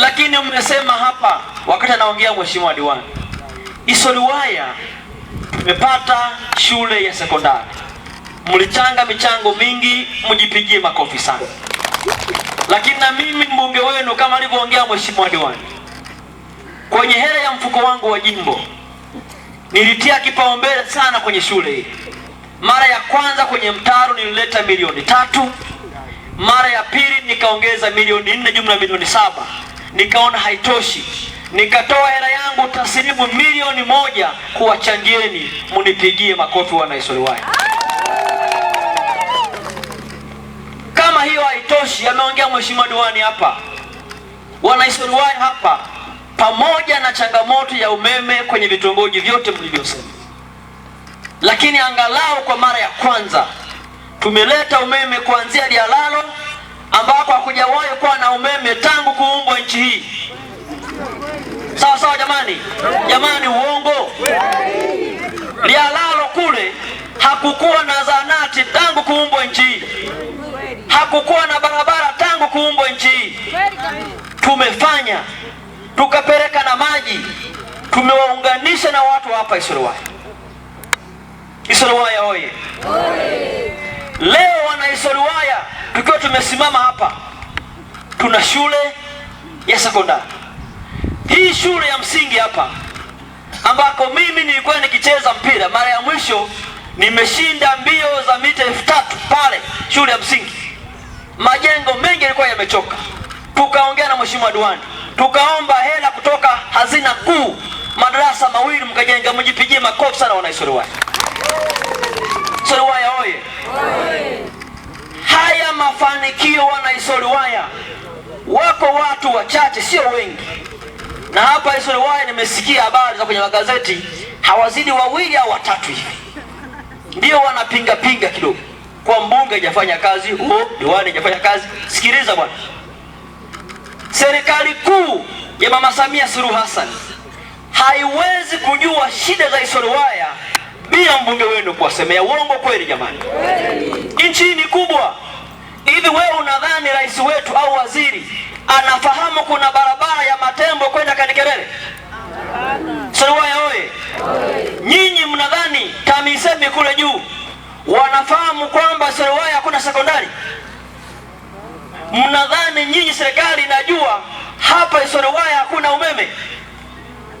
Lakini mmesema hapa wakati anaongea mheshimiwa diwani, Isoliwaya tumepata shule ya sekondari, mlichanga michango mingi, mjipigie makofi sana. Lakini na mimi mbunge wenu kama alivyoongea mheshimiwa diwani, kwenye hela ya mfuko wangu wa jimbo nilitia kipaumbele sana kwenye shule hii. Mara ya kwanza kwenye mtaro nilileta milioni tatu, mara ya pili nikaongeza milioni nne, jumla milioni saba nikaona haitoshi, nikatoa hela yangu taslimu milioni moja kuwachangieni, munipigie makofi Isoliwai. Kama hiyo haitoshi, ameongea mheshimiwa diwani hapa, Isoliwai hapa, pamoja na changamoto ya umeme kwenye vitongoji vyote mlivyosema, lakini angalau kwa mara ya kwanza tumeleta umeme kuanzia Dialalo ambapo hakujawahi kuwa na umeme tangu kuumbwa nchi hii. Sawa sawa, jamani, jamani, uongo lialalo kule hakukuwa na zanati tangu kuumbwa nchi hii, hakukuwa na barabara tangu kuumbwa nchi hii. Tumefanya, tukapeleka na maji, tumewaunganisha na watu hapa Isoroai. Isoroai oye! Leo wanaisoluwaya tukiwa tumesimama hapa, tuna shule ya sekondari hii, shule ya msingi hapa ambako mimi nilikuwa nikicheza mpira mara ya mwisho, nimeshinda mbio za mita elfu tatu pale shule ya msingi. Majengo mengi yalikuwa yamechoka, tukaongea na mheshimiwa duani tukaomba hela kutoka hazina kuu, madarasa mawili mkajenga, mjipigie makofi sana. Wanaisoluwaya, Soluwaya oye! Haya mafanikio wana Isoliwaya, wako watu wachache, sio wengi. Na hapa Isoliwaya nimesikia habari za kwenye magazeti, hawazidi wawili au watatu hivi ndio wanapinga pinga kidogo, kwa mbunge hajafanya kazi, huo diwani hajafanya kazi. Sikiliza bwana, serikali kuu ya Mama Samia Suluhu Hassan haiwezi kujua shida za Isoliwaya mbunge ndio kuwasemea uongo kweli? Jamani, nchi ni kubwa. Hivi wewe unadhani rais wetu au waziri anafahamu kuna barabara ya Matembo kwenda Kanikerere? Seruwaya oye! Nyinyi mnadhani TAMISEMI kule juu wanafahamu kwamba Seruwaya hakuna sekondari? Mnadhani nyinyi serikali inajua hapa Seruwaya hakuna umeme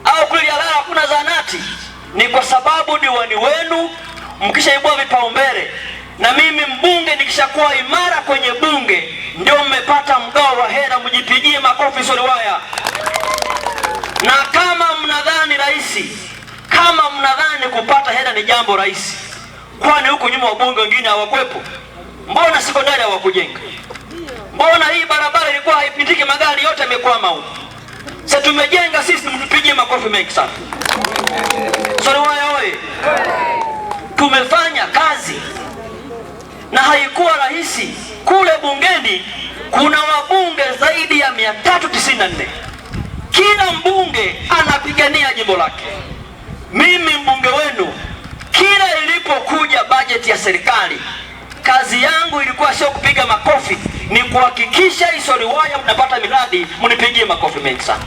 au kule Ilala hakuna zahanati? ni kwa sababu diwani wenu mkishaibua vipaumbele na mimi mbunge nikishakuwa imara kwenye bunge, ndio mmepata mgao wa hela, mjipigie makofi soriwaya. Na kama mnadhani rahisi, kama mnadhani kupata hela ni jambo rahisi, kwani huku nyuma wabunge wengine hawakwepo? Mbona sekondari hawakujenga? Mbona hii barabara ilikuwa haipitiki, magari yote yamekwama huku? Sasa tumejenga sisi, mtupige makofi mengi sana. Nyaruwaya oye! Tumefanya kazi na haikuwa rahisi. Kule bungeni kuna wabunge zaidi ya 394 kila mbunge anapigania jimbo lake. Mimi mbunge wenu, kila ilipokuja bajeti ya serikali, kazi yangu ilikuwa sio kupiga makofi, ni kuhakikisha Isoliwaya mnapata miradi, mnipigie makofi mengi sana.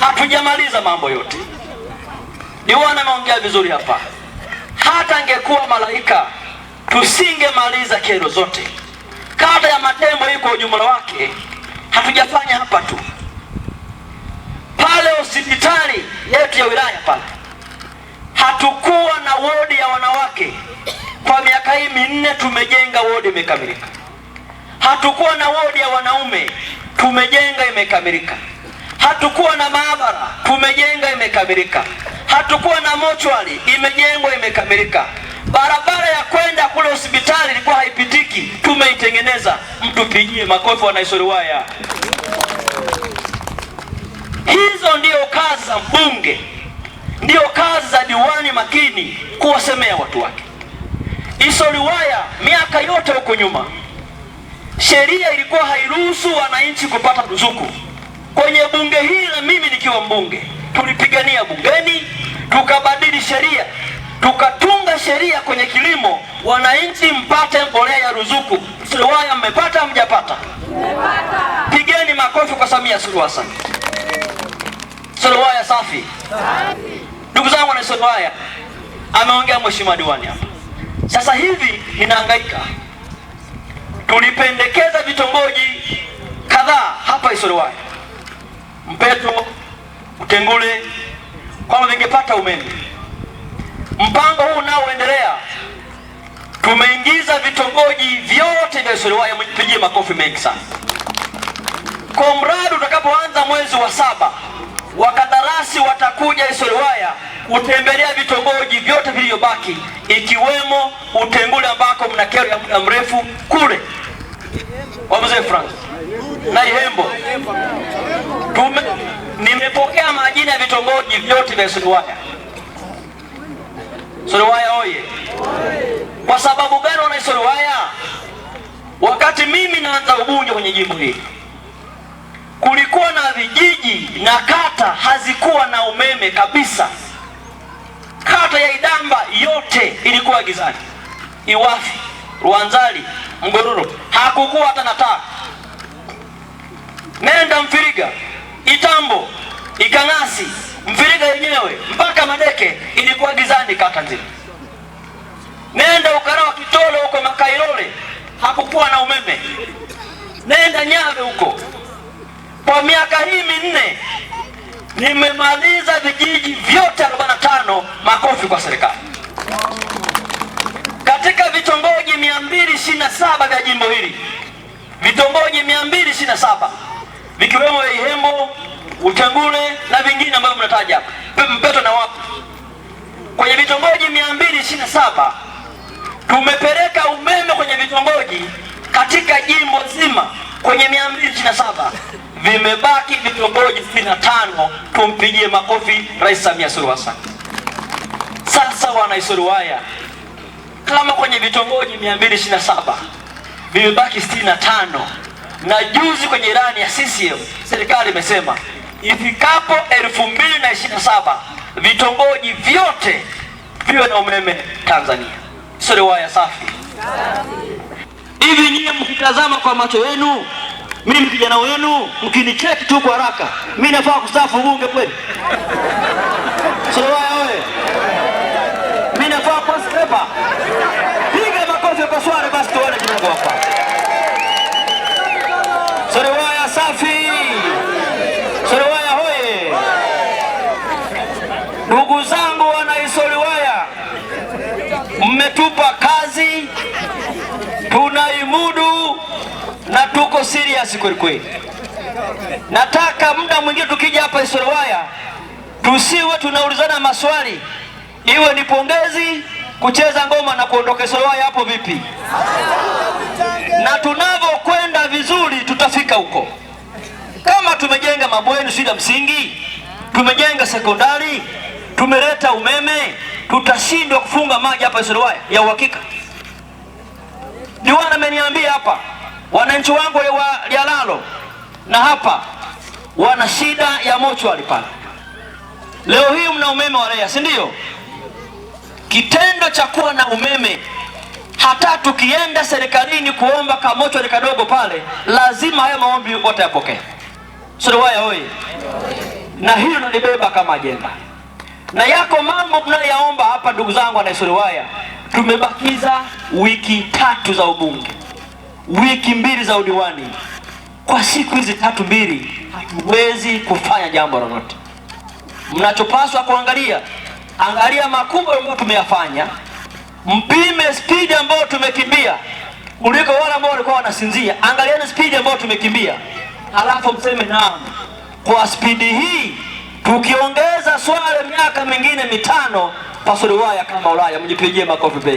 hatujamaliza mambo yote. wana maongea vizuri hapa. Hata angekuwa malaika tusingemaliza kero zote. Kata ya Matembo hii kwa ujumla wake hatujafanya hapa tu, pale hospitali yetu ya wilaya pale hatukuwa na wodi ya wanawake kwa miaka hii minne tumejenga wodi imekamilika. Hatukuwa na wodi ya wanaume tumejenga imekamilika. Hatukuwa na maabara, tumejenga imekamilika. Hatukuwa na mochwari, imejengwa imekamilika. Barabara ya kwenda kule hospitali ilikuwa haipitiki, tumeitengeneza. Mtupigie makofi wanaisoriwaya. Hizo ndio kazi za mbunge, ndio kazi za diwani makini, kuwasemea watu wake. Isoriwaya miaka yote huko nyuma sheria ilikuwa hairuhusu wananchi kupata ruzuku kwenye bunge hili na mimi nikiwa mbunge, tulipigania bungeni, tukabadili sheria, tukatunga sheria kwenye kilimo, wananchi mpate mbolea ya ruzuku. Suruaya mmepata mjapata? Pigeni makofi kwa Samia Suluhu Hassan. Suruaya safi. Ndugu zangu na Suruaya, ameongea mheshimiwa diwani hapa. Sasa hivi ninahangaika, tulipendekeza vitongoji kadhaa hapa Isuruwaya Mpeto, Utengule kwamba ningepata umeme. Mpango huu unaoendelea tumeingiza vitongoji vyote vya Isiolo. Mpigie makofi mengi sana kwa mradi. Utakapoanza mwezi wa saba, wakadarasi watakuja Isiolo kutembelea vitongoji vyote vilivyobaki ikiwemo Utengule ambako mna kero ya muda mrefu kule wa mzee Frank na Ihembo. Tume, nimepokea majina ya vitongoji vyote vya Suluwaya. Suluwaya oye! Kwa sababu gani wana Suluwaya? Wakati mimi naanza Ugunja kwenye jimbo hili kulikuwa na vijiji na kata hazikuwa na umeme kabisa. Kata ya Idamba yote ilikuwa gizani, Iwafi, Ruanzali, Mgororo hakukuwa hata na taa. Nenda Mfiriga Itambo, Ikang'asi, Mviriga yenyewe mpaka Madeke ilikuwa gizani kaka nzima. Nenda Ukarawa Kitolo huko Makairole hakukuwa na umeme. Nenda Nyave huko. Kwa miaka hii minne nimemaliza vijiji vyote 45 makofi kwa serikali. Katika vitongoji 227 vya jimbo hili, vitongoji 227 vikiwemo Uchangule na vingine ambavyo mnataja Mpeto na wapi. Kwenye vitongoji mia mbili ishirini na saba tumepeleka umeme kwenye vitongoji katika jimbo zima kwenye mia mbili ishirini na saba vimebaki vitongoji sitini na tano. Tumpigie makofi Rais Samia Suluhu Hassan. Sasa wanaisuruwaya, kama kwenye vitongoji 227 vimebaki 65 na juzi kwenye ilani ya CCM serikali imesema ifikapo elfu mbili na ishirini na saba vitongoji vyote viwe na umeme Tanzania. Sio riwaya safi hivi? Nyie mkitazama kwa macho yenu, mimi kijana wenu, mkinicheki tu kwa haraka, mimi nafaa kustafu bunge kweli? Sio riwaya wewe, mimi nafaa kustepa. Piga makofi kwa swali basi, tuone kidogo hapa. tunaimudu na tuko serious kweli kweli. Nataka muda mwingine tukija hapa Isolwaya tusiwe tunaulizana maswali, iwe ni pongezi, kucheza ngoma na kuondoka Isolwaya hapo vipi? Na tunavyokwenda vizuri, tutafika huko. Kama tumejenga mabweni shule ya msingi, tumejenga sekondari, tumeleta umeme, tutashindwa kufunga maji hapa Isolwaya ya uhakika? Diwani ameniambia hapa wananchi wangu wa Lialalo na hapa wana shida ya mochwari pale. Leo hii mna umeme wa REA, si ndio? Kitendo cha kuwa na umeme hata tukienda serikalini kuomba kamochwari kadogo pale, lazima haya maombi yote yapokee. Suruaya hoye! Na hiyo nalibeba kama ajenda, na yako mambo mnayoyaomba hapa, ndugu zangu, anaisuruaya tumebakiza wiki tatu za ubunge, wiki mbili za udiwani. Kwa siku hizi tatu mbili hatuwezi kufanya jambo lolote. Mnachopaswa kuangalia, angalia makubwa ambayo tumeyafanya, mpime spidi ambayo tumekimbia kuliko wale ambao walikuwa wanasinzia. Angalieni spidi ambayo tumekimbia, alafu mseme naam, kwa spidi hii tukiongeza swale miaka mingine mitano paswa Ulaya kama Ulaya, mjipigie makofi.